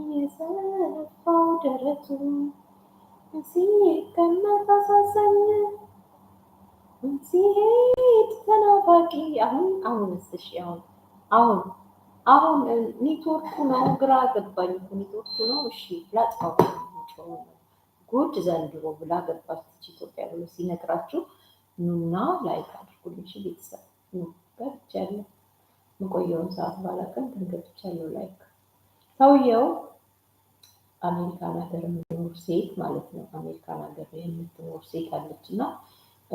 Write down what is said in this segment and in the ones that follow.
እየዘረፋው ደረቱ ሲቀመጥ አሳዛኝ ሲሄድ ተናፋቂ። አሁን አሁን አሁን አሁን አሁን ኔትወርኩ ነው ግራ ገባኝ። ኔትወርኩ ነው። እሺ ላጥፋው። ጉድ ዘንድሮ ብላ ገባች ኢትዮጵያ ብሎ ሲነግራችሁ ኑና ላይክ ቤተሰብ። ገብቻለሁ። መቆየውን ሰዓት ባላቀን ግን ገብቻለሁ። ላይክ ሰውየው አሜሪካን ሀገር የምትኖር ሴት ማለት ነው። አሜሪካን ሀገር የምትኖር ሴት አለች እና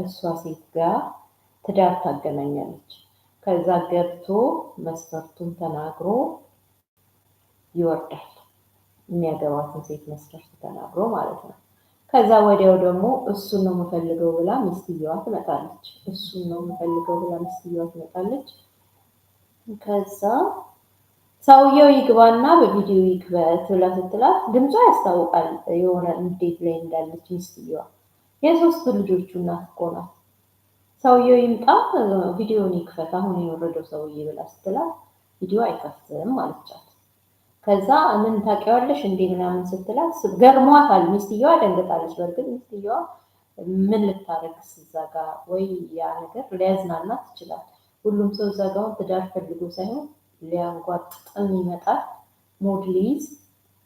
እሷ ሴት ጋር ትዳር ታገናኛለች። ከዛ ገብቶ መስፈርቱን ተናግሮ ይወርዳል። የሚያገባትን ሴት መስፈርት ተናግሮ ማለት ነው። ከዛ ወዲያው ደግሞ እሱን ነው የምፈልገው ብላ ሚስትየዋ ትመጣለች። እሱን ነው የምፈልገው ብላ ሚስትየዋ ትመጣለች። ከዛ ሰውየው ይግባና በቪዲዮ ይክበት ብላ ስትላት ድምጿ ያስታውቃል የሆነ እንዴት ላይ እንዳለች ሚስትየዋ። የሶስት ልጆቹ እናት እኮ ናት። ሰውየው ይምጣ ቪዲዮን ይክፈት አሁን የወረደው ሰውዬ ብላ ስትላት ቪዲዮ አይከፍትም አለቻት። ከዛ ምን ታውቂዋለሽ እንዴ ምናምን ስትላት ገርሟታል። ሚስትየዋ ደንግጣለች። በእርግጥ ሚስትየዋ ምን ልታደርግ እዛ ጋ ወይ ያ ነገር ሊያዝናናት ይችላል። ሁሉም ሰው እዛ ጋ ትዳር ፈልጎ ሳይሆን ሊያጓጥጥም ይመጣል፣ ሞድ ሊይዝ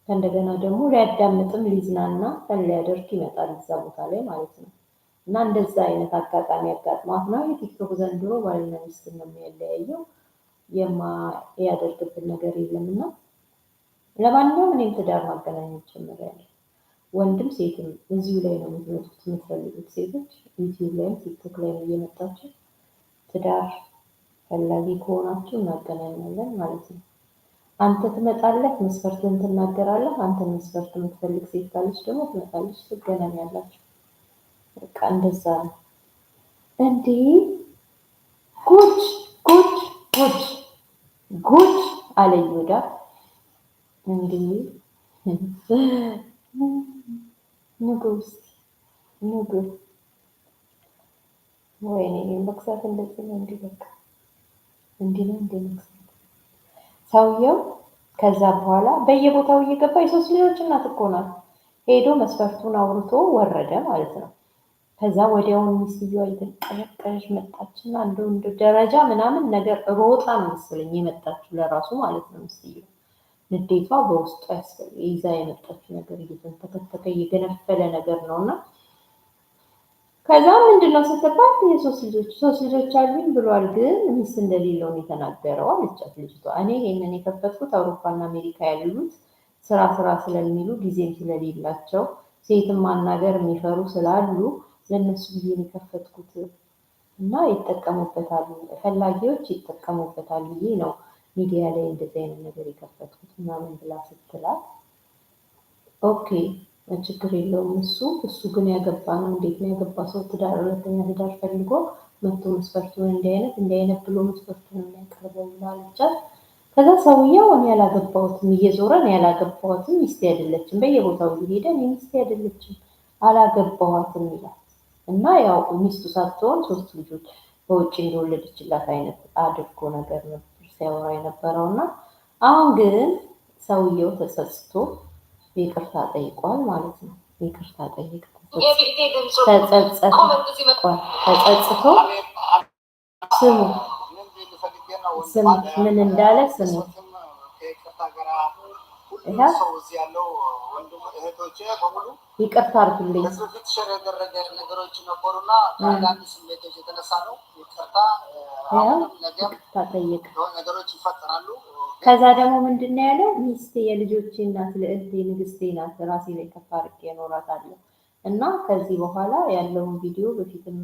ከእንደገና ደግሞ ሊያዳምጥም ሊዝናና ፈን ሊያደርግ ይመጣል እዛ ቦታ ላይ ማለት ነው። እና እንደዛ አይነት አጋጣሚ ያጋጥማት ነው የቲክቶክ ዘንድሮ ባልና ሚስት ነው የሚያለያየው። የማያደርግብን ነገር የለም እና ለማንኛውም እኔም ትዳር ማገናኘት ጀምሬያለሁ። ወንድም ሴትም እዚሁ ላይ ነው የምትመጡት የምትፈልጉት ሴቶች ዩቲዩብ ላይም ቲክቶክ ላይም እየመጣችሁ ትዳር ፈላጊ ከሆናችሁ እናገናኛለን ማለት ነው። አንተ ትመጣለህ፣ መስፈርትን ትናገራለህ። አንተን መስፈርት የምትፈልግ ሴት ካለች ደግሞ ትመጣለች፣ ትገናኛላችሁ። በቃ እንደዛ ነው። እንዲህ ጉድ ጉድ ጉድ ጉድ አለ ይሁዳ። እንዲህ ንጉስ ንጉስ ወይኔ በቅሳት እንደዚህ ነው እንዲህ በቃ እንዲህ ነው እንዲህ ነው ሰውየው። ከዛ በኋላ በየቦታው እየገባ የሶስት ልጆች እናት እኮ ናት። ሄዶ መስፈርቱን አውርቶ ወረደ ማለት ነው። ከዛ ወዲያውን ሚስትየዋ እየተቀረቀረች መጣችና አንዱ እንደ ደረጃ ምናምን ነገር ሮጣ ነው መሰለኝ የመጣችው ለራሱ ማለት ነው። ሚስትየዋ ንዴቷ በውስጡ ይዛ የመጣችው ነገር እየተንተከተከ እየገነፈለ ነገር ነውና ከዛ ምንድነው ስትባል የሶስት ልጆች ሶስት ልጆች አሉኝ ብሏል፣ ግን ሚስት እንደሌለው ነው የተናገረው አለቻት ልጅቷ። እኔ ይህንን የከፈትኩት አውሮፓና አሜሪካ ያሉት ስራ ስራ ስለሚሉ ጊዜም ስለሌላቸው ሴትን ማናገር የሚፈሩ ስላሉ ለእነሱ ብዬ የከፈትኩት እና ይጠቀሙበታሉ ፈላጊዎች ይጠቀሙበታል ብዬ ነው ሚዲያ ላይ እንደዚህ አይነት ነገር የከፈትኩት ምናምን ብላ ስትላት ኦኬ ችግር የለውም። እሱ እሱ ግን ያገባ ነው። እንዴት ነው ያገባ ሰው ትዳር ሁለተኛ ትዳር ፈልጎ መቶ መስፈርቱን እንዲህ አይነት እንዲህ አይነት ብሎ መስፈርቱን የሚያቀርበው ላለቻል። ከዛ ሰውየው እኔ ያላገባሁትም እየዞረ እኔ ያላገባሁትም ሚስቴ አይደለችም፣ በየቦታው እየሄደ እኔ ሚስቴ አይደለችም አላገባኋትም ይላል እና ያው ሚስቱ ሳትሆን ሶስት ልጆች በውጭ እንደወለደችላት አይነት አድርጎ ነገር ነበር ሲያወራ የነበረው እና አሁን ግን ሰውየው ተጸጽቶ ይቅርታ ጠይቋል ማለት ነው። ይቅርታ ጠይቅ ተጸጽቶ ስሙ ምን እንዳለ ስሙ። ይቅርታ አድርጉልኝ ይቅርታ ጠይቅ ነገሮች ይፈጠራሉ። ከዛ ደግሞ ምንድን ነው ያለው ሚስቴ የልጆቼ እናት ልዕልቴ ንግስቴ ናት፣ ራሴ ላይ ከፍ አድርጌ እኖራታለሁ እና ከዚህ በኋላ ያለውን ቪዲዮ በፊትም